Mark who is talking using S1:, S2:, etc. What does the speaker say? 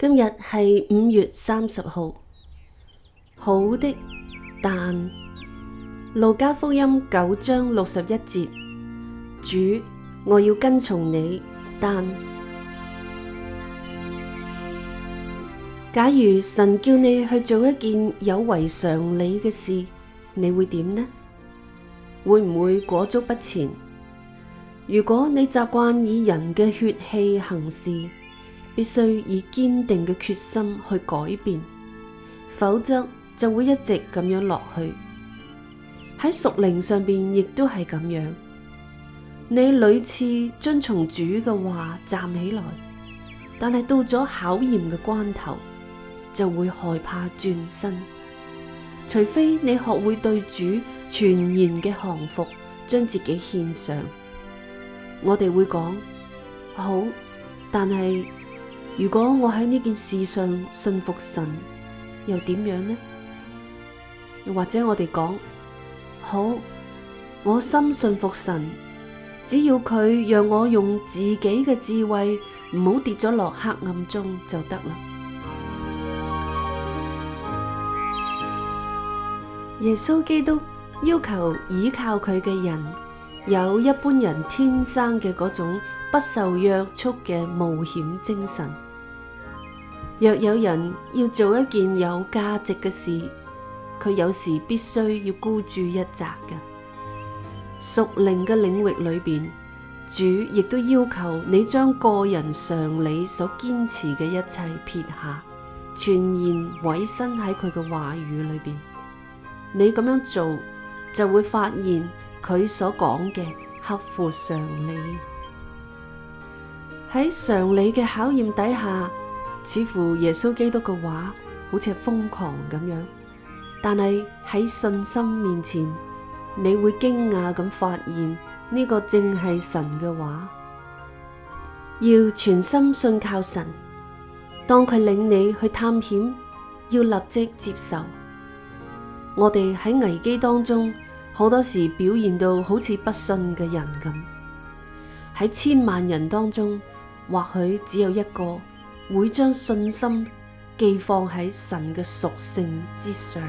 S1: 今日係五月三十號。好的，但路加福音九章六十一節：主，我要跟從你。但假如神叫你去做一件有違常理嘅事，你會點呢？會唔會裹足不前？如果你習慣以人嘅血氣行事，必須以堅定嘅決心去改變，否則就會一直咁樣落去。喺屬靈上邊亦都係咁樣，你屢次遵從主嘅話站起來，但係到咗考驗嘅關頭，就會害怕轉身。除非你學會對主全然嘅降服，將自己獻上。我哋會講好，但係。如果我喺呢件事上信服神，又點樣呢？又或者我哋講好，我深信服神，只要佢讓我用自己嘅智慧，唔好跌咗落黑暗中就得啦。耶穌基督要求倚靠佢嘅人，有一般人天生嘅嗰種不受約束嘅冒險精神。若有人要做一件有價值嘅事，佢有時必須要孤注一擲嘅。屬靈嘅領域裏邊，主亦都要求你將個人常理所堅持嘅一切撇下，全然委身喺佢嘅話語裏邊。你咁樣做，就會發現佢所講嘅合乎常理，喺常理嘅考驗底下。似乎耶穌基督嘅話好似係瘋狂咁樣，但係喺信心面前，你會驚訝咁發現呢個正係神嘅話。要全心信靠神，當佢領你去探險，要立即接受。我哋喺危機當中，好多時表現到好似不信嘅人咁。喺千萬人當中，或許只有一個會將信心寄放喺神嘅屬性之上。